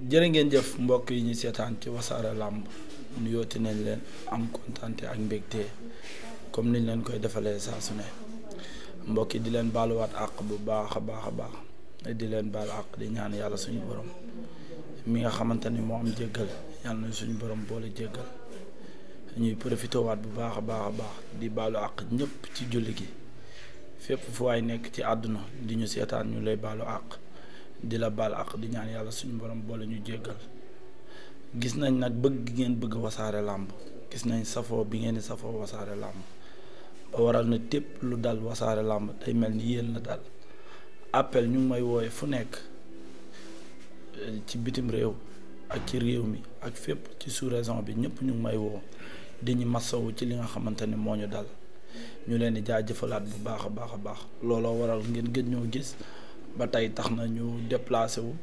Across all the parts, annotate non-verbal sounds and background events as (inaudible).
jërë ngeen jëf mbokk yi ñu seetaan ci wasaare làmb nu yooti nañ leen am kontante ak mbégte comme niñ leen koy defalee saa su ne mbokk di leen baaluwaat àq bu baax a baax a baax di leen baalu àq di ñaan yàlla suñu borom mi nga xamante ni moo am jéggal suñu borom boole jéggal ñuy profité waat bu baax a baax a baax di baalu àq ñëpp ci julli gi fépp fu waay nekk ci àdduna di ñu seetaan ñu lay baalu àq. di la baal ak di ñaan yàlla suñu borom boole ñu jéggal gis nañ nag bëgg ngeen bëgg wasaare làmb gis nañ safoo bi ngeen di safoo wasaare làmb ba waral na tépp lu dal wasaare làmb day mel ni yéen la dal appel ñu ngi may woo fu nekk eh, ci bitim réew ak ci réew mi ak fépp ci sous raison bi ñëpp ñu may woo di ñu masawu ci li nga xamante ne moo ñu dal ñu leen di jaajëfalaat bu baax a baax a baax looloo waral ngeen gëj ñoo gis ba tey tax na ñu déplacé wu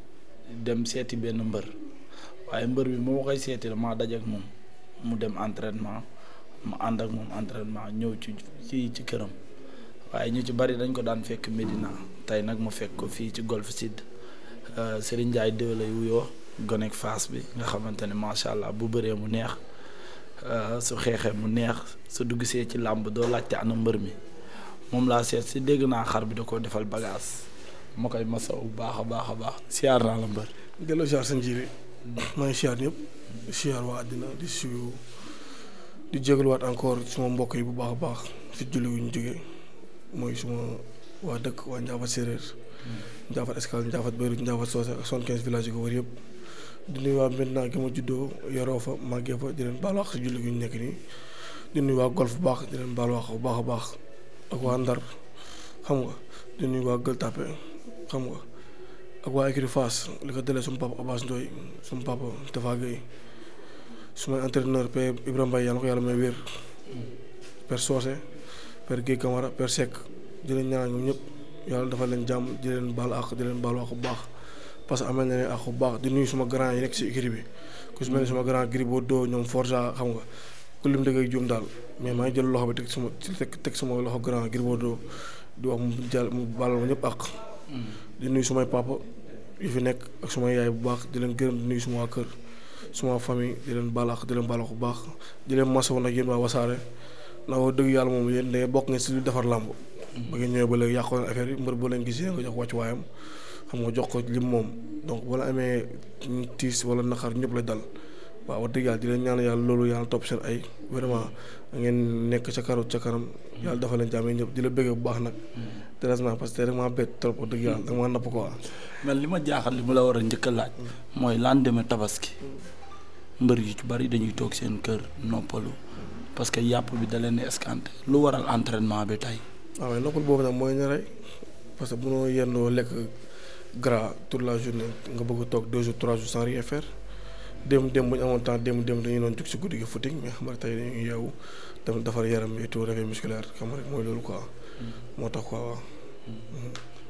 dem seeti benn mbër waaye mbër bi moo koy seeti maa dajeek moom mu dem entraînement mu ànd ak moom entrainement ñëw ci ci ci këram waaye ñu ci bari dañ ko daan fekk Medina tey nag mu fekk ko fii ci Golf Sud euh, Serigne Ndiaye déw yu yoo gonek Fass bi nga xamante ne macha allah bu bëree mu neex euh, su xeexee mu neex su dugg see ci làmb doo laajte ana mbër mi moom laa seet si dégg naa xar bi da koo defal bagage. ma koy masaw bu baax a baax a baax siyaar naa la mbër. delloo siyaar sëñ Jiiri mm. maa siyaar ñëpp siyaar waa àddina di suyu di jégaluwaat encore suma mbokk yi bu baax a baax si julli wu ñu jógee mooy suma waa dëkk waa Ndiaffate séeréer mm. Ndiaffate Escale Ndiaffate Beyrouth Ndiaffate Socé ak soixante-quinze villages yi ko wër yëpp di nuyu waa maintenant gi ma juddoo yoroo fa màggee fa di leen baalu wax si julli gu nekk nii di nuyu waa golf bu baax di leen baalu wax bu baax a baax ak waa Ndar nga di xam nga ak waa écurie Fass li ko dalee suñu papa Abass Ndoye suñu papa Tafa Gueye su may entraîneur père Ibrahima Mbaye yàlla na ko yàlla may wér père Socé père Guèye Camara père Seck di leen ñaanal ñoom ñëpp yàlla dafa leen jàmm di leen baal àq di leen bu baax parce que amee na leen àq bu baax di nuy suma grand yi nekk si écurie bi ku su mel ni suma grand Gris Bordeaux ñoom Forza xam nga ku lim dëgg ak juum daal mais maa ngi jël loxo bi teg suma teg suma loxo grand Gris Bordeaux di wax mu jàll mu baal ma ñëpp àq di nuyu sumay papa yu fi nekk ak sumay yaay bu baax di leen gërëm di nuyu suma kër suma famille di leen balax di leen balax bu baax di leen masawu nag yéen waa wasaare ndax wax dëgg yàlla moom yéen da bokk ngeen si lu defar làmb ba ngeen ñëwee ba léegi yàqoon affaire yi mbër bu leen gisee nga jox wàcc waayam xam nga jox ko lim moom donc wala amee tiis wala naqar ñëpp la dal waaw wax dëgg di leen ñaan yàlla loolu yàlla topp seen ay vraiment ngeen nekk ca karoot ca kanam yàlla dafa leen jàmmee ñëpp di la bëggee bu baax nag dérangement parce que vraiment bett trop wax dëgg yàlla dama napp quoi. mais li ma jaaxal li mu la war a njëkk a laaj. mooy lendemain tabaski. mbër yu ci bari dañuy toog seen kër noppalu. parce que yàpp bi da leen di lu waral entraînement bi tey. waaw ah noppal boobu nag mooy ne rek parce que bu noo yendoo lekk gras tout la journée nga bëgg toog deux jours trois jours sans rien faire démb démb bu ñu amoon temps démb démb dañuy doon jug si guddi gi footing mais xam nga tey dañuy yeewu tamit defar yaram et tout réveil musculaire xam loolu quoi. Hmm.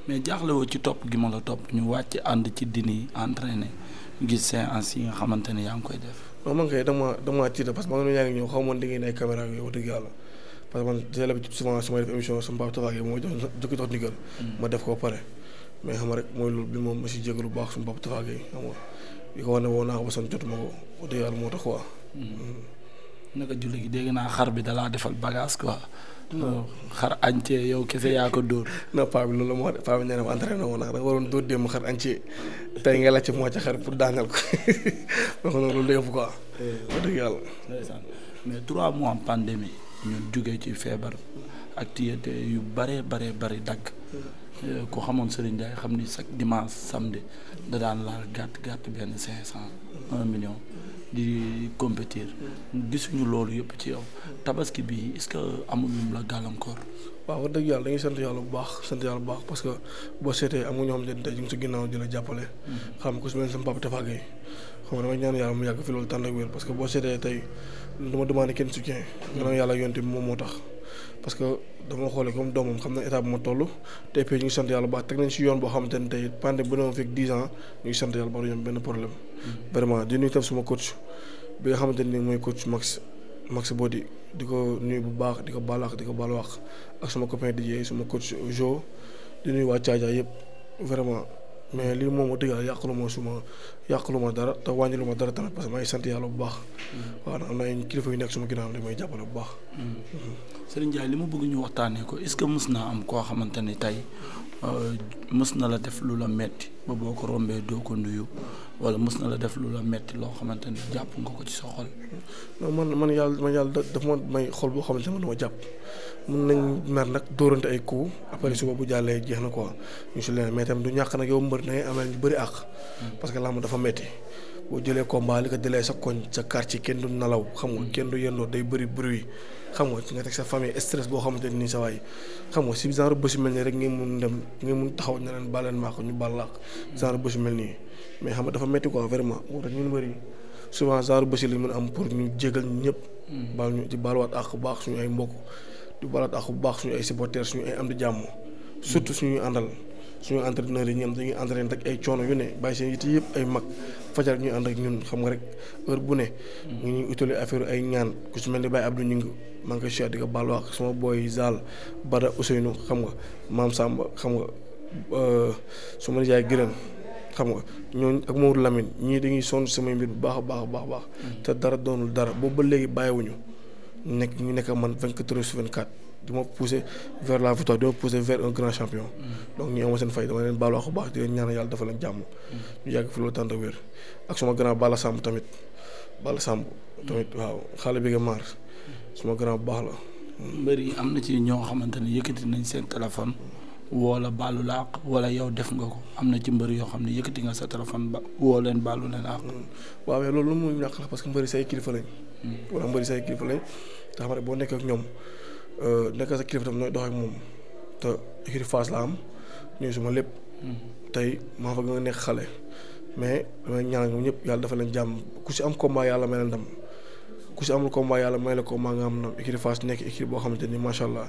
mais jaaxlewoo ci topp gi ma la topp ñu wàcc ànd ci dini entraîné gis séance yi nga xamante ne yaa ngi koy def. non man kay dama dama tiita parce que man ñaari ñoom xaw ma woon liggéey ay caméra yooyu wax dëgg yàlla parce que man dina souvent def émission moo jox ma def ko pare mais xam rek mooy loolu bi moom ma si jégalu bu baax sama Pape Tafa Gueye xam ko wax ne woo naa ko ba son jotuma ko wax dëgg yàlla moo tax quoi. Hmm. naka julli gi dégg naa xar bi dalaa defal bagage quoi. xar añcee yow kese yaa ko dóor. non paa bi loolu moo wax paa na ma entraîné woon waroon dóor démb xar añcee tey nga laajte moo ci xar pour daaneel ko (laughs) wax nga loolu lépp quoi. Eh. wax dëgg mais trois mois pandémie ñu jógee ci feebar activité yu bare bare bari dagg. Eh, ku xamoon Serigne Ndiaye xam ni chaque dimanche samedi da daan laal gàtt gàtt benn cinq cent un di compétir gisuñu loolu yëpp ci yow tabaski bi est-ce que amul lum la gàllankoor. waaw wax dëgg yàlla dañuy sant yàlla bu baax sant yàlla bu baax parce que boo seetee amu ñoo xam ne tey ñu si ginnaaw di la jàppale. Mm-hmm. xam nga ku si mel ne sama papa Tafa Gueye ñaan yàlla mu yàgg fi loolu tànn ak wér parce que boo seetee tey dama demandé kenn soutien. nga mm-hmm. naan yàlla yonte bi moom moo tax. parce que dama xoolee comme doomam xam na état bu ma toll te puis ñu ngi sant yàlla baax teg nañ si yoon boo xamante ne tey pendant bu ne fekk sant yàlla baax du benn problème. Mm-hmm. vraiment di nuy tam suma coach bi nga xamante ne mooy coach Max Max Bodi di ko nuyu bu baax di ko baal di ko baal ak suma copain DJ suma coach Jo di nuyu waa Thiadiaye yëpp vraiment. mais lii moom moo dëgg yàlla yàqalu ma suma yàqalu ma dara te wàññilu ma dara tamit parce que maa ngi sant yàlla bu baax. Mm-hmm. waaw am na kilifa yu nekk suma ginnaaw li may jàppale bu baax. Mm-hmm. Mm-hmm. Serigne Ndiaye li ma bëgg ñu waxtaanee ko est-ce que mës naa am koo xamante ne tey euh, mës na la def lu la metti ba boo ko rombee doo ko nuyu wala mës na la def lu la metti loo xamante ni jàpp nga ko ci sa xol. non man man yàlla man yàlla daf ma may xol boo xamante ne man ma jàpp mun nañ mer nag dóorante ay coups après suba bu jàllee jeex na ko ñu si leen mais tamit du ñàkk nag yow mbër na amee ñu bëri àq. Hmm. parce que làmb dafa metti boo jëlee combat li ko dalee sa koñ sa quartier kenn du nalaw xam nga kenn du yendoo day bëri bruit xam nga si nga teg sa famille stress boo xamante ni sa waay xam nga si genre bés mel nii rek ngeen mun dem ngeen taxaw ne leen baal leen ñu baal laa genre bés yu mel mais xam nga dafa métti quoi vraiment moo tax ñun bëri souvent genre bés yi lañ mën am pour ñu jégal ñëpp. Hmm. baal ñu di baaluwaat ak bu baax suñu ay mbokk di baaluwaat ak bu baax suñu ay supporters suñu ay am di jàmm. surtout suñuy àndal. suñu entraîneurs yi ñoom dañuy entraîné rek ay coono yu ne bàyyi seen yitte yëpp ay mag fajar ñu ànd ak ñun xam nga rek heure bu ne. Mm. ñu ngi utali affaire ay ñaan ku su mel ni Baye Abdou Ngingue maa ngi koy siyaat di ko baalu ak sama booy Zal xam nga maam Samba xam nga euh, su ma jaay gërëm xam nga ñooñu ak Maodo Lamine ñii dañuy sonn samay mbir bu baax a baax baax. Mm. te dara doonul dara boobu ba léegi bàyyiwuñu nekk ñu nekk man 24 heures sur 24. du ma pousser vers la victoire du ma pousser vers un grand champion. Mm. donc ñu amoon seen fay dama leen baal wax bu baax di leen ñaanal yàlla dafa leen jàmm. Mm. ñu yàgg fi loolu tànn ak suma grand tamit Bala Samb. tamit mm. waaw bi nga maar. suma grand bu baax la. mbër yi am na ci ñoo xamante ne yëkkati nañ seen téléphone. woola baalu la àq wala yow def nga ko am na ci mbër yoo xam ne yëkkati nga sa téléphone ba woo leen ne leen àq. waaw mais loolu lu mu ñàkk la parce que mbër yi say kilifa lañ. wala mbër yi say kilifa lañ te xam boo nekk ak ñoom. Euh, nekk sa kilifa tam nooy doxee moom te écurie la am ñooy suma lépp. Hmm. tey maa fa gën nekk xale. mais damay ñaan ñoom ñëpp yàlla dafa leen jàmm ku si am combat yàlla may la ndam ku si amul combat yàlla may la combat nga am ndam écurie Fass nekk écurie boo xamante ni macha allah.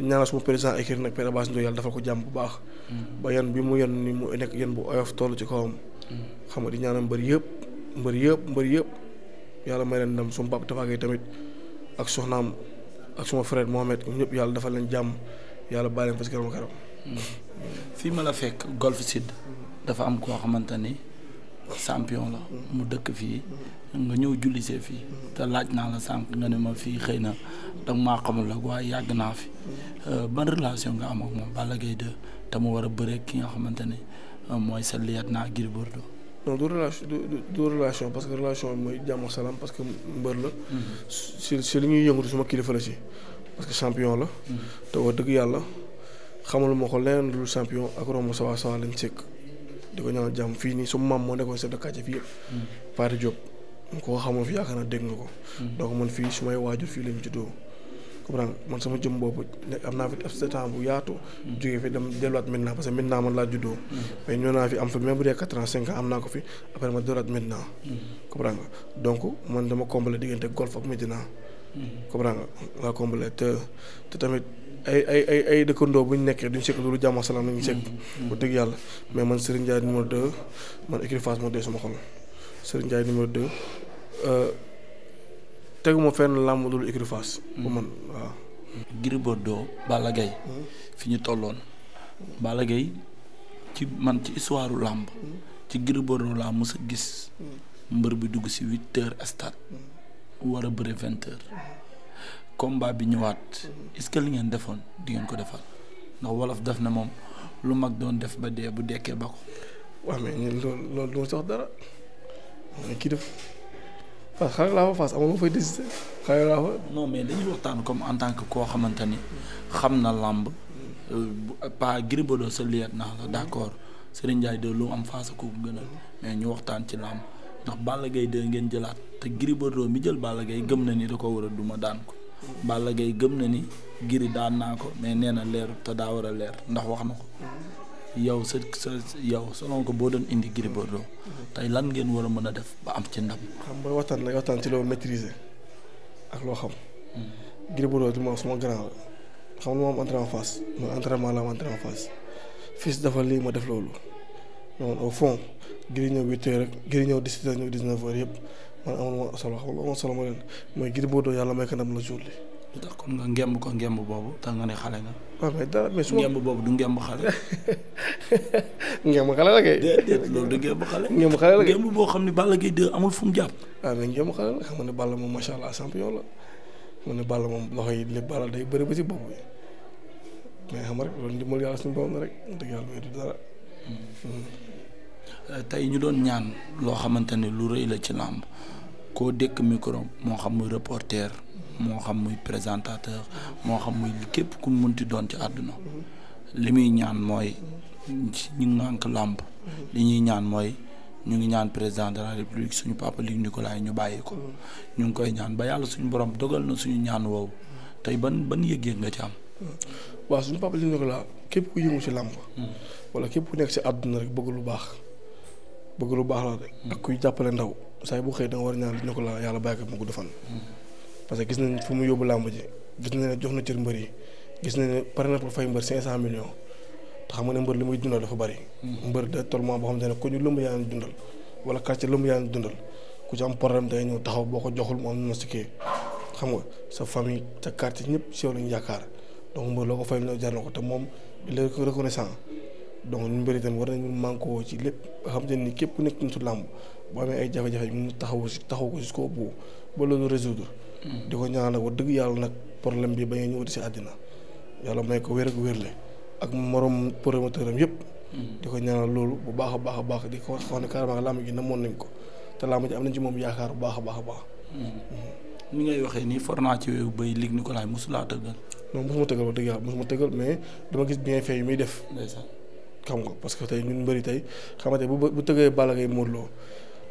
ñaanal suma président écurie nag Père Abass Ndoye yàlla ko jàmm bu baax. Hmm. ba yan bi mu yan ni mu nekk yan bu oyof toll ci kawam. Hmm. xam nga di ñaanal mbër yëpp mbër yëpp mbër yëpp yàlla may leen ndam suma papa Tafa tamit ak soxnaam. ak suma frère Mohamed ñoom ñëpp yàlla dafa leen jàmm yàlla bàyyi leen parce que fii ma la fekk Golf Sud dafa am koo xamante ni champion la mu dëkk fii nga ñëw jullisee fii te laaj naa la sànq nga ne ma fii xëy na danga maa xamul la waaye yàgg naa fi euh, ban relation nga am ak moom Balla Gaye 2 te mu war a bëre ki nga xamante ni euh, mooy sa liet naa Gris Bordeaux non du relation du relation parce que relation mooy jàmm ak salaam parce que mbër la. si li ñuy yëngatu suma kilifa la si. parce que champion la. te wax dëgg yàlla xamal ma ko leneen lu champion ak romb sawa sawa lañ sekk. di ko ñaanal jàmm fii nii su maam moo nekkoon chef de quartier fii yëpp. Mm. Pathé Diop. ko xamoon fi yaakaar naa dégg nga ko. Mm. donc man fii su may waajur fii lañ juddoo. comprendre man sama jëm bopp nekk am naa fi ab bu yaatu jógee fi dem delluwaat maintenant parce que maintenant man laa juddoo mais ñoo naa fi am fi même bu dee quatre ko fi après ma delluwaat maintenant comprendre nga donc man dama combler diggante golf ak Medina comprendre nga laa combler te te tamit ay ay ay ay dëkkandoo bu ñu nekkee duñ sekk loolu jàmm ak salaam nañu sekk bu mm-hmm. dëgg yàlla mais man Serigne Ndiaye numéro deux man écurie Fass moo dee sama xol Serigne Ndiaye numéro deux euh, teguma fenn làmb dul écurie Fass mm. bu man waaw Gris Bordeaux mm. fi ñu tolloon Balla Gaye ci man ci histoire làmb mm. ci Gris Bordeaux laa mës gis mbër bi dugg si huit heures stade war a bëre vingt combat bi ñëwaat est-ce que li ngeen defoon di ngeen ko defal ndax wolof def na moom lu mag doon def ba dee bu dekkee ba ko waaw mais loolu loolu doo sax dara kii def Fass xale laa fa Fass amul ma fay décider xale laa fa. non mais dañuy waxtaan comme en tant que koo xamante ni xam na làmb euh, pas Gris Bordeaux sa liet naa la d' accord Serigne Ndiaye lu am Fass ko gënal mais ñu waxtaan ci làmb ndax Balla Gaye ngeen jëlaat te Gris Bordeaux mi jël Balla Gaye gëm na ni da ko war a duma daan ko. Balla gëm na ni Gris daan naa ko mais nee na leer te daa war a leer ndax wax na ko. yow sa sa yow selon que boo doon indi Gris Bordeaux tey lan ngeen war a mën a def ba am ci ndam. xam mooy waxtaan la waxtaan ci loo maîtriser ak loo xam. Hmm. Gris Bordeaux du ma suma grand la xam nga moom entré en face man entraînement la ma entré en face fils dafa lii ma def loolu man au fond Gris ñëw rek Gris ñëw dix-sept heures ñëw yëpp man solo solo ma leen mooy Gris Bordeaux yàlla may ko ndam la jour lu tax kon nga ngemb ko ngemb boobu tax nga ne xale nga. waaw ngemb boobu du ngemb xale. (laughs) ngemb xale la kay. déedéet loolu du ngemb xale. ngemb boo xam ne Balla Gaye 2 amul fu mu jàpp. waaw ah, la xam nga ne Balla moom loxo yi lépp Balla day bëri ba ci bopp bi mais xam rek loolu ndimbal yàlla suñu borom rek dëgg yàlla mais du dara. Hmm. Euh, tey ñu doon ñaan loo xamante ne lu rëy la ci làmb koo dékk micro moo xam muy reporter moo xam muy présentateur moo xam muy képp ku mun ti doon ci àdduna li muy ñaan mooy ñu ngànk làmb li ñuy ñaan mooy ñu ngi ñaan président de la république suñu papa Luc Nicolaï ñu bàyyi ko ñu ngi koy ñaan ba yàlla suñu borom dogal na suñu ñaan woowu tey ban ban yëg-yëg nga ci am. waaw suñu papa Luc Nicolaï képp ku yëngu ci làmb hmm. wala képp ku nekk ci àdduna rek bëgg lu baax bëgg lu baax la rek. Hmm. ak kuy jàppale ndaw saa bu xëy da war a ñaan Luc Nicolaï yàlla bàyyi ko mu gudd parce que gis nañ fu mu yóbbu làmb ji gis na ne jox na cër mbër yi gis nañ ne pare na pour fay mbër 500 millions te xam nga ne mbër li muy dundal dafa bari. Mm-hmm. mbër da toll boo xam ne ku ñu lëmb yaa ngi dundal wala quartier lëmb yaa ku ci am problème day ñëw taxaw boo ko joxul moom am na si kii xam nga sa famille sa quartier ñëpp si yow lañu yaakaar donc mbër loo ko fay ñëw jar na ko te moom il est reconnaissant donc ñu mbër itam war nañu manqué woo ci lépp xam te ni képp ku nekk su làmb boo amee ay jafe-jafe mu taxawu si taxawu ko jusqu'au bout loolu résoudre di ko ñaanal wax dëgg yàlla nag problème bi ba ñu ñëwati si àddina yàlla may ko wér ak wérle ak moroom promoteur am yëpp. di ko ñaanal loolu bu baax a baax a baax di ko wax ne carrément làmb ji namoon nañ ko te làmb ji am nañ moom yaakaar bu baax a baax a baax. ni ngay waxee nii for naa ci wéeru bay Luc Nicolaï mosulaa tëggal. non mosuma tëggal wax dëgg yàlla mosuma tëggal mais dama gis bien fait yi muy def. xam nga parce que tey ñun mbëri tey xam nga tey bu bu tëggee Balla Gaye Modou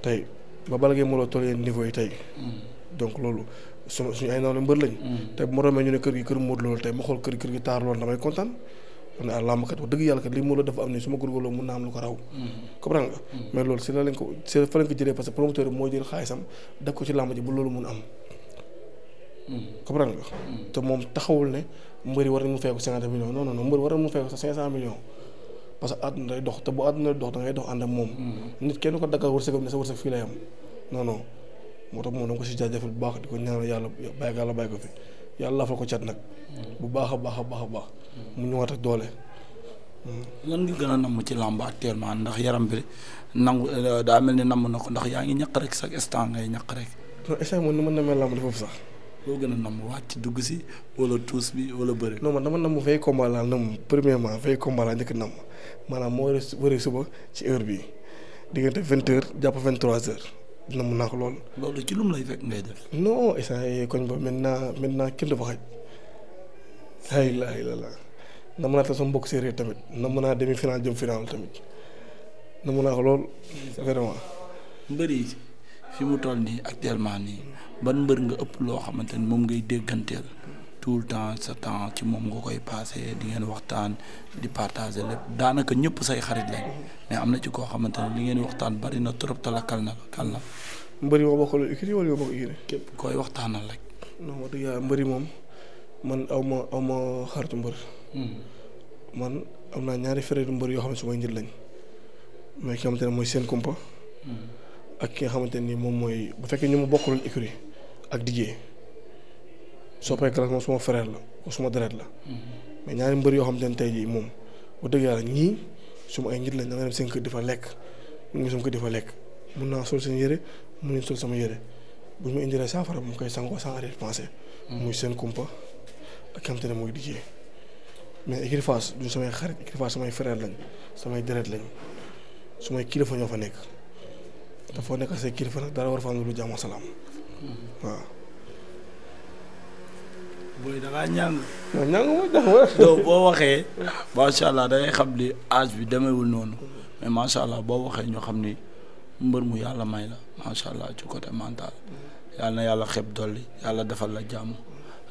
tey ba Balla Gaye Modou Lo tollee niveau yi tey. Mm. donc loolu suma suñu ay naaw mbër lañu. Mm. tey bu ma romee ñu ne kër gi kër Modou Lo tey ma xool kër gi taar loolu damay kontaan xam ne ah, am ko mm. mm. mais loolu si la lañ ko si la fa lañ ko jëlee parce que promoteur bi te moom taxawul ne mbëri mu fay ko cinquante millions non non non mbëri war nañ mu fay ko te bu àdduna dox da ngay moom. nit kenn ko daggal wërsëgam ne sa wërsëg fii lay am non moo tax moom dama ko si jaajëfal bu baax di ko ñaanal yàlla bàyyi yàlla bàyyi ko fi ko cat nag. bu baax a baax a baax a baax. mu ñëwaat ak doole. lan nga gën ci làmb actuellement ndax yaram bi nangu daa mel ni namm na ko ndax yaa ngi ñaq rek sax instant ngay ñaq rek. non instant moom ni ma namee sax. loo gën a namm wàcc dugg si wala tuus bi wala bëri. non man dama namm fay combat laa namm premièrement fay combat laa njëkk namm maanaam moo war a suba ci heure bi diggante vingt heures jàpp vingt trois na mun naa ko lool. loolu ci lum lay fekk ngay def. non instant yii koñ ba maintenant maintenant kenn du fa xaj. ay laay la la naa tax sama mbokk séeréer tamit na mën naa demi final jëm final tamit na mun naa ko lool vraiment. mbër yi fi mu toll nii actuellement nii ban mbër nga ëpp loo xamante ni moom ngay dégganteel. tout temps sa temps ci moom nga koy passé di ngeen waxtaan di partager lépp daanaka ñëpp say xarit lañ mais am na ci koo xamante ne li ngeen waxtaan bari na trop te na la kal yoo bokk képp koy waxtaanal rek. non wax dëgg yàlla moom man aw ma aw ma xaritu mbër. Hmm. man am naa ñaari frère mbër yoo xam ne su may njël lañ mooy seen kumpa. ki nga xamante ne hmm. moom mooy bu fekkee ñu ma bokkul ikiri ak dijee. Sopé Kalass moom suma frère la suma deret la mhm. mais ñaari mbër yoo xam te ne tey jii moom bu dëgg yàlla ñii suma ay nit lañ da dem seen kër di fa lekk mu ngi suma kër di fa lekk mun naa sol seen yére mun nañ sama yére bu ñu ma saafara mu koy sangoo sans arrière pensée mhm. muy seen kumpa ak xam ne mooy liggéey mais écurie Fass duñ samay xarit écurie Fass samay deret lañ sumay kilifa ñoo fa nekk dafa nekk say kilifa nag dara war fa am lu jàmm salaam mhm. waaw booy da ngaa ñàng. non ñàng dafa. donc boo waxee macha allah da xam ni âge bi demeewul noonu mais macha allah boo waxee ñoo xam ni mbër mu yàlla may la macha allah ci côté mental yàlla na yàlla xeb dolli yàlla defal la jàmm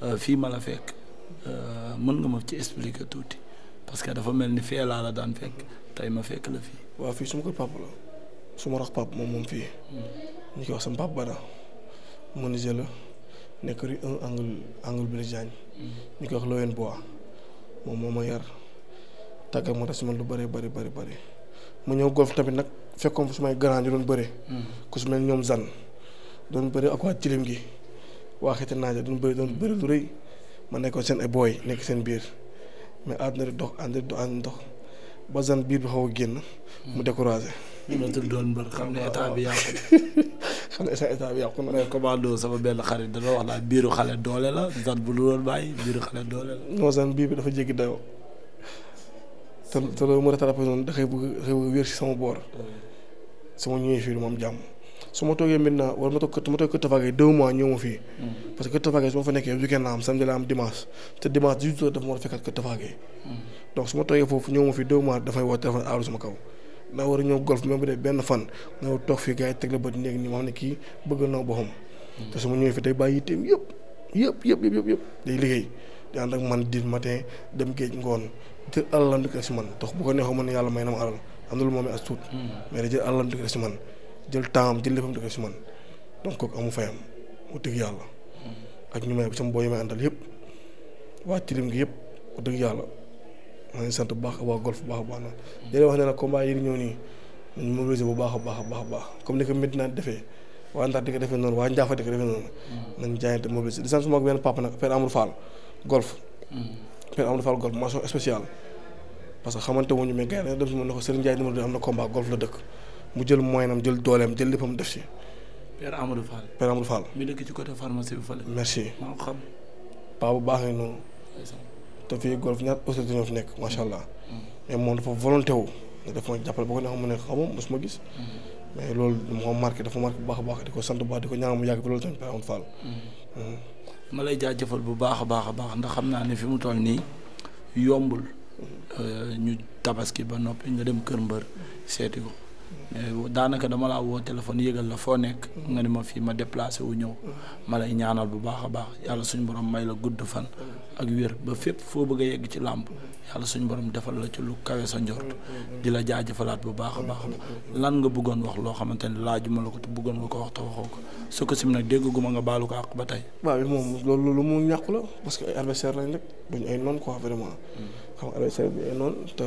euh, fii ma la fekk euh, mën nga ma ci expliquer tuuti parce que dafa mel ni fee laa la daan fekk tey ma fekk la fii. waaw fii su ma kër papa la su ma rax papa moom moom fii. Hmm. ñu koy wax sama papa Bada menuisier la. nekk rue un angle angle Blaise mm. ñu koy wax Loyen Bois moom moo ma yar tàggat ma si man lu bari bari bari bari mu ñëw golf tamit nag fekkoon fu sumay grand yi doon bëri mm. ku su mel ñoom zan doon bëri ak waa tilim gi waa xete naaja doon bëri doon bëri lu rëy ma nekkoon seen ay booy nekk seen biir mais àdduna di dox ànd di dox ba zan biir bi xaw a génn mu mm. découragé. ñu doon mbër xam ne état bi yàqu (laughs) xale sa état bi yàqu na. sama benn xarit da doon wax naa biiru xale doole la zan bu lu doon bàyyi biiru xale doole la. non zan bii bi dafa jéggi dayoo te te loolu mën a tarapé noonu da koy bëgg da koy wér si sama boor. moom jàmm. su ma toogee maintenant wala ma toog ma toog Kër Tafage mois ñëw fii. Mm. parce que Kër fa nekkee weekend naa am samedi laa am a fekkaat Kër Tafage. Mm. donc su ma toogee foofu ñëw ma fii deux mois dafay woo téléphone aaru sama kaw. daa war a ñëw golf même bu dee benn fan nga toog fii gars yi teg la bët néeg nii ma xam ne kii bëggal na boppam te su ma ñëwee fi tey bàyyi yitteem yëpp yëpp yëpp yëpp yëpp liggéey di ànd ak man di matin dem géej ngoon jël alalam di ko def si man tax bu ko neexoo man yàlla may na ma alal am na lu moom as tuut hmm. mais da jël alalam di ko def si man jël temps jël léppam di si man donc kooku amu fayam mu tëgg yàlla hmm. ak ñu may sama boo yi may àndal yëpp waa tilim gi yëpp ku dëgg maa ngi sant bu baax waa golf bu baax a baax na léeg wax ne nag combat yi di ñëw nii ñu mobiliser bu baax a baax a baax a baax comme ni ko Medina defee waa Ndar di ko defee noonu waa Njaafa di ko defee noonu nañ jaayante mobiliser di sant suma benn papa nag Père Amadou Fall golf Père Amadou Fall golf mention spéciale parce que xamante wuñu mais gars yi dem si ma ne ko Serigne Ndiaye numéro 2 am na combat golf la dëkk mu jël moyen am jël dooleem jël léppam def si Père Amadou Fall Père Amadou Fall mi dëkk ci côté pharmacie bi fële merci maa ko xam paa bu baax nga noonu te fii golf ñaar autorité ñoo fi nekk macha allah. mais moom dafa volonté wu ne dafa ma jàppale ba ko neexoon mu ne xaw ma mosuma gis. mais loolu moom marqué dafa marqué bu baax baax di ko sant bu baax di ko ñaanal mu yàgg bi loolu tamit Père Fall. ma lay jëfal bu baax a baax a baax ndax xam naa ne fi mu toll nii yombul. Mm-hmm. Euh, ñu tabaski ba noppi nga dem kër mbër seeti ko. Eh, daanaka dama laa woo téléphone yëgal la foo nekk nga ni ma fii ma déplacé wu ñëw ma lay ñaanal bu baax a baax yàlla suñu borom may la gudd fan ak wér ba fépp foo bëgg a yegg ci làmp yàlla suñu borom defal la ci lu kawe sa njort di la jaajëfalaat bu baax a baax lan nga bëggoon wax loo xamante ne laajuma la ko te bëggoon nga ko wax te waxoo ko su ko sim nag dégguma nga baalu ko àq ba tey. waaw moom loolu lu mu ñàkku la parce que ay adversaire lañ rek duñ ay noon quoi vraiment hmm. xam nga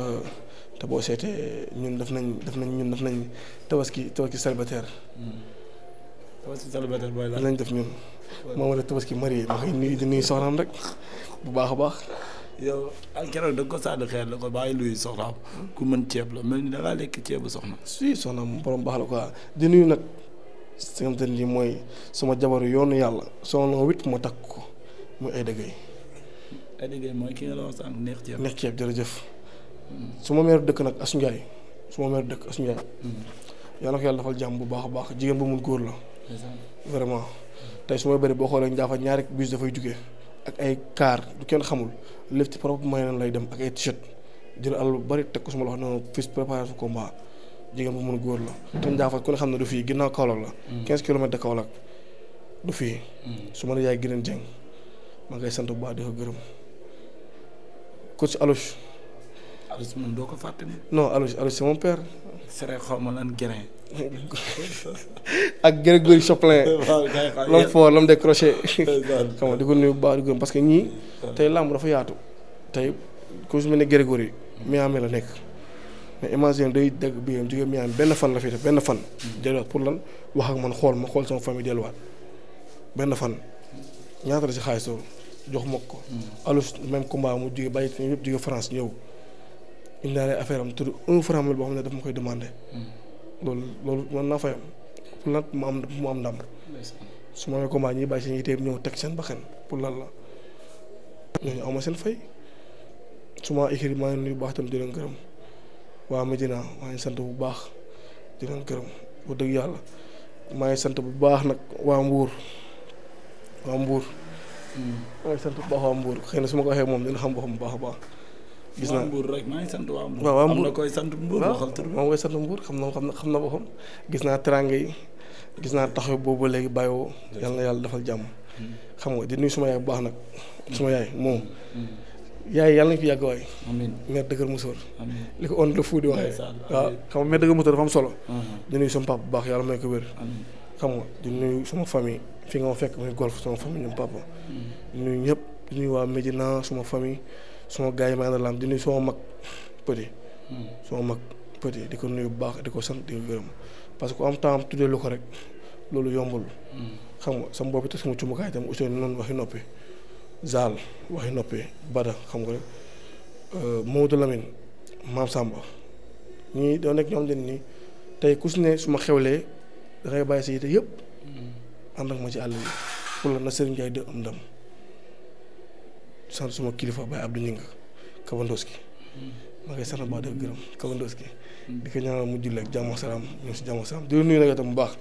te boo seetee ñun daf nañ daf nañ ñun daf nañ tabaski tabaski célibataire. Hmm. tabaski célibataire booy la lañ def ñun. moom tabaski marié ma koy nuyu di rek bu baax a baax. yow ak keroog da nga la ko bàyyi luy soxnaam ku mën ceeb la mel ni da ngaa lekk ceebu soxna. si soxnaam borom baax la quoi di nuyu nag si nga xamante mooy sama jabaru yoonu yàlla soxna wit takk ko muy ay dëgg yi. ay ki nga la wax neex ceeb. neex ceeb jërëjëf. su ma meer dëkk nag Asu su ma mère dëkk Asou Ndiaye. yàlla ko yàlla dafal jàmm bu baax a baax jigéen bu mun góor la. vraiment tey su may bëri boo xoolee Njaafa ñaari bus dafay jugee ak ay car du kenn xamul lépp ci propre moyen lay dem ak ay t-shirt jël alal bu bari teg ko su ma la wax noonu fii préparé su combat jigéen bu mun góor la. Mm. te Njaafa ku ne xam ne du fii ginnaaw Kaolack la. 15 mm. kilomètres de Kaolack du fii. Mm. su ma la yaay gën a jàng maa ngay sant bu baax di ko gërëm coach Alouche. Aziz doo ko fàtte ne. non Aziz Aziz c'est mon père. Sere xaw ma lan grain. (laughs) ak Grégory Chopin. (laughs) l'homme fort l'homme des crochets. xam nga di ko nuyu bu baax di ko parce que ñii. tey làmb dafa yaatu. tey ku su ma ne Grégory. ame la nekk. mais imagine day dagg bi yam jóge Miami benn fan la fi def benn fan. delluwaat pour lan wax ak man xool ma xool sama famille delluwaat benn fan ñaata la si xaalis jox ma ko. Hmm. alus même combat mu jóge bàyyi yëpp jóge France ñëw. indaale affaire am tudd un franc mille xam ne daf ma koy demandé. loolu loolu mën naa fayam pour lan mu am mu su ma nee combat ñiy bàyyi seen yiteem ñëw teg seen bakkan pour lan la. ñooñu aw ma seen fay su ma écrit maa ngi nuyu baax itam di leen waa Medina maa ngi sant bu baax di leen gërëm bu dëgg yàlla maa ngi sant bu baax nag waa Mbour waa Mbuur. Mm. maa ngi sant bu baax waa Mbour xëy na su ma ko waxee moom dina xam boppam bu baax a baax. gis naa Mbour rek maa ngi sant waaw waa na koy sant Mbour. waxal tur moom koy sant xam na xam na xam na gis naa teraanga yi gis naa tax boobu léegi bàyyiwoo. yàlla yàlla defal jàmm. Hmm. xam nga di nuyu suma yaay bu baax nag. Hmm. suma yaay moom. Hmm. yaay yàlla nañu fi yàgg waay. amiin mère dëgër musóor. amiin li ko on le fou di waxee. waaw xam nga solo. di nuyu sama papa bu baax yàlla may ko wér. xam nga di nuyu sama fi ma fekk muy golf sama famille ñoom papa. nuyu ñëpp di nuyu waa Médina suma fami suma gars yi ma àndal di nuyu sama mag petit. Hmm. sama mag petit di ko nuyu bu baax di ko sant di ko gërëm parce que ku am temps tuddee lu ko rek loolu yombul. Hmm. xam nga sama bopp itam sama cumukaay itam aussi noonu waxi noppi Zal waxi noppi Bada xam nga rek euh, Maodo lamin Maam Samba ñii doo nekk ñoom dañ nii tey ku si ne su ma xewlee dangay bàyyi sa yite yëpp hmm. ànd ak ma ci àll yi pour la na Serigne Ndiaye de am ndam. sant suma kilifa Baye Abdou Gningue Kabandoski ma koy sant ba def gërëm Kabandoski di ko ñaanal mu julli ak jàmm salaam ñëw si jàmm salaam di nuyu nag itam bu baax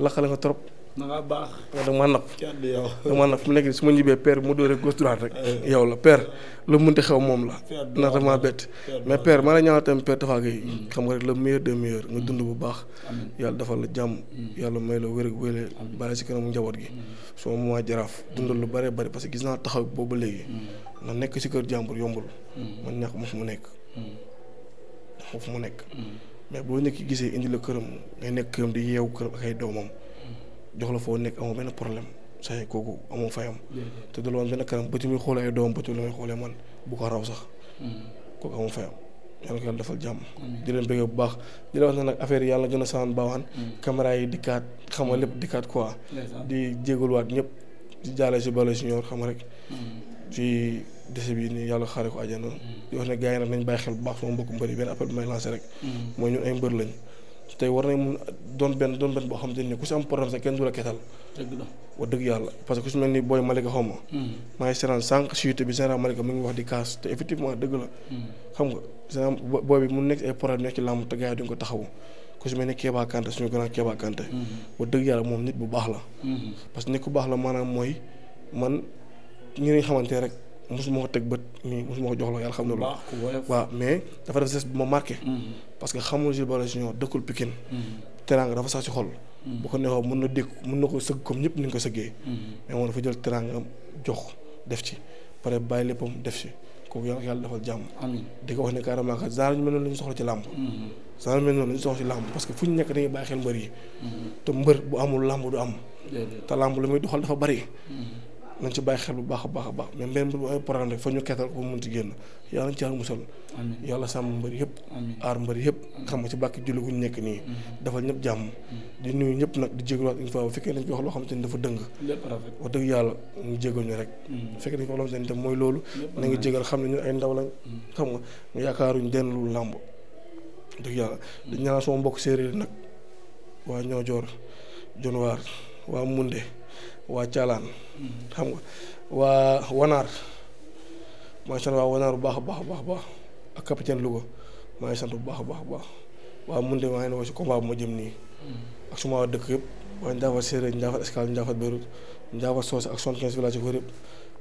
laqale nga trop. na nga baax. da ma napp yow. (laughs) da ma napp mu nekk su ma ñibbee per mu dóoree gauche droite rek. Eh. yow la père lu munti xew moom la. ndax dama bett. mais père maa ngi ñaanal tamit père Tafa Gueye mm. dund bu mm. baax. yàlla defal la jàmm. Mm. yàlla may la wér si kanamu njaboot gi. suma ma jaraaf dundal lu bëree bëri parce que gis naa taxaw boobu léegi. na nekk si kër jàmbur yombul. man ñàkk ma fu mu nekk. mu nekk. mais boo nekk gisee indi la këram ngay nekk këram di yeewu këram ak doomam jox la foo nekk amoo benn problème saa yi kooku amoo fayam. te du la woon benn kanam bëti muy xoolee ay doom bëti la may xoolee man bu ko raw sax. Hmm. kooku amoo fayam. yàlla ko yàlla defal jàmm. di leen bëggee bu baax di la wax ne nag affaire yàlla gën a saan baawaan. Hmm. caméra yi dikkaat xam nga lépp dikkaat quoi. di jégaluwaat ñëpp di jaale si bala si ñor xam nga rek. Hmm. ci dese bi nii yàlla xaaree ko àjjana. di wax ne gars yi nag nañ bàyyi xel bu baax sama mbokku mbër yi benn appel bi may lancé rek. tey war nañ mun doon benn doon benn boo xam te ni ku si am problème sax kenn du la ketal. dëgg dëgg yàlla parce que ku si mel ni booy Malika xaw ma. Hmm. maa ngi seetaan sànq si YouTube bi général Malika mu ngi wax di kaas te effectivement dëgg la. Hmm. xam nga général booy bi mu nekk ay problème nekk ci làmb te gars yi duñ ko taxawu. ku si mel ni Kéba Kanté suñu grand Kéba Kanté. Hmm. wax dëgg yàlla moom nit bu baax la. parce que nit ku baax la maanaam mooy man ñi nga xamante rek. mosuma ko teg bët mais mosuma ko jox loxo yàlla xam na loolu waaw mais dafa def geste bu ma marqué mm-hmm. parce que xamul si Baldé Junior dëkkul Pikine mm-hmm. teraanga dafa sax ci xol mm-hmm. bu ko neexoo mën na dékk mën na ko sëgg comme ñëpp ni ñu ko sëggee mais moom dafa jël teraanga jox def ci pare bàyyi léppam def ci kooku yàlla yàlla defal jàmm di ko wax ne carrément que genre ñu mel noonu ci làmb genre ñu mel noonu la ñu parce que fu ñu nekk dañuy bàyyi xel mbër yi te mbër bu amul làmb du am te làmb lu muy doxal dafa bari nañ ci bàyyi xel bu baax a baax a baax mais mbir bu ay problème rek fa ñu kettal ko mun ci génn yàlla nañ ci yàlla musal yàlla sàmm mbër yëpp aar mbër yëpp xam nga si bàkki julli gu ñu nekk nii mm-hmm. dafal ñëpp jàmm mm-hmm. di nuyu ñëpp nag di jégaluwaat une fois bu fekkee nañ ci wax loo ni dafa dëng wax dëgg yàlla ñu ñu rek mm-hmm. fekkee nañ ko loo mooy loolu na nga jégal xam ne ay ndaw lañ xam nga yaakaaruñ denn lu làmb dëgg yàlla di ñaanal sama mbokk séeréer nag waa ñoo joor jonwaar waa munde waa caalaan xam nga waa wanaar maa ngi sant waa wanaar bu baax a baax a baax ak capitaine lu ko ngi sant bu baax a baax a baax waa munte maa ngi ne woo si combat bu ma jëm nii ak suma waa dëkk yëpp waa Ndiafat Séeréer Ndiafat Escale Ndiafat Beyrouth Ndiafat Socé ak soixante-quinze village ko yëpp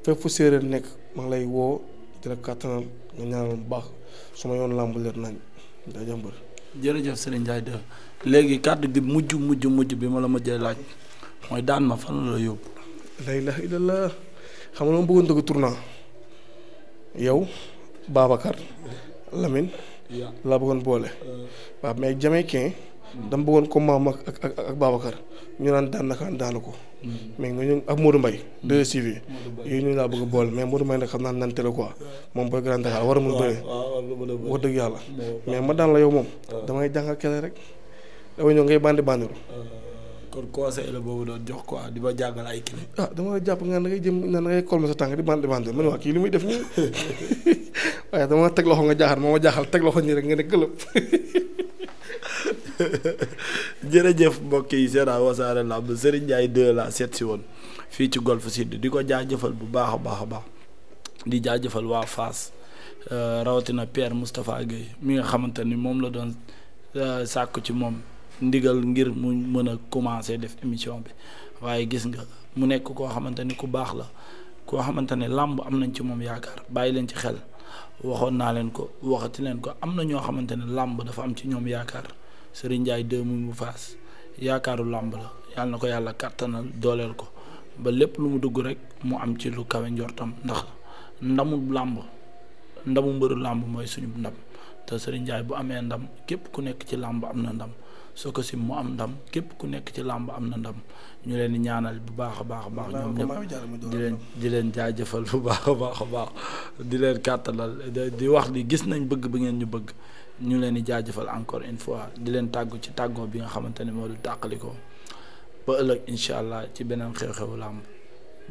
fépp fu séeréer nekk maa ngi lay woo di la kàttanal nga ñaanal bu baax suma yoon làmb leer nañ daa jàmbër jërëjëf Serigne Ndiaye de léegi kàddu gi mujj mujj mujj bi ma la laaj mooy daan ma fan la yóbbu. la ilaha illallah xam nga ma bëggoon dëgg tournant yow Babacar Lamine. laa bëggoon boole. Uh. waa mais Jamaïcain. Mm. dama bëggoon ko maam ak ak ak Babacar ñu naan daan naka daanu ko. Mm. mais nga ñëw ak Modou Mbaye. 2STV mm. yooyu ñu laa bëgg boole mais Modou Mbaye nag xam naa nante la moom booy Grand Dakar war a mun bëre. wax dëgg yàlla. mais ma daan la yow moom. Uh. damay jàngal kele rek. damay ñëw ngay bandi bandiru uh. kon conseil la boobu doon jox ko quoi di ma jàngal ay kii. ah dama jàpp nga ne da ngay jëm na ngay kolma sa tànk di bande bande man waa kii li muy def nii (laughs) waaye dama teg loxo nga jaaxal moo ma jaaxal teg loxo nii nga ne gëlëb. (laughs) jërëjëf mbokk yi seen Wassare Lamb Ndiaye 2 la seet si woon fii ci Golf Sud di ko jaa jëfal bu baax a baax a baax di jaajëfal waa fas euh, rawatina Pierre mustafa Guèye mi nga xamante ni moom la doon euh, sàkku ci moom. ndigal ngir mu mën a commencer def émission bi waaye gis nga mu nekk koo xamante ni ku baax la koo xamante ne làmb am nañ ci moom yaakaar bàyyi leen ci xel waxoon naa leen ko waxati leen ko am na ñoo xamante ne làmb dafa am ci ñoom yaakaar Serigne Ndiaye deux mu bu faas yaakaaru làmb la yàlla na ko yàlla kàttanal dooleel ko ba lépp lu mu dugg rek mu am ci lu kawe njortam ndax ndamu làmb ndamu mbëru làmb mooy suñu ndam te Serigne Ndiaye bu amee ndam képp ku nekk ci làmb am na ndam Sococim mu am ndam képp ku nekk ci làmb am na ndam ñu leen di ñaanal bu baax a baax a baax ñoom ñëpp di leen di leen jaajëfal bu baax a baax a baax di leen kàttalal di wax di gis nañ bëgg ba ngeen ñu bëgg ñu leen di jaajëfal encore une fois di leen tàggu ci tàggoo bi nga xamante ne moo du tàqalikoo ba ëllëg incha allah ci beneen xew-xewu làmb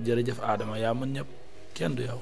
jërëjëf aadama yaa mën ñëpp kenn du yow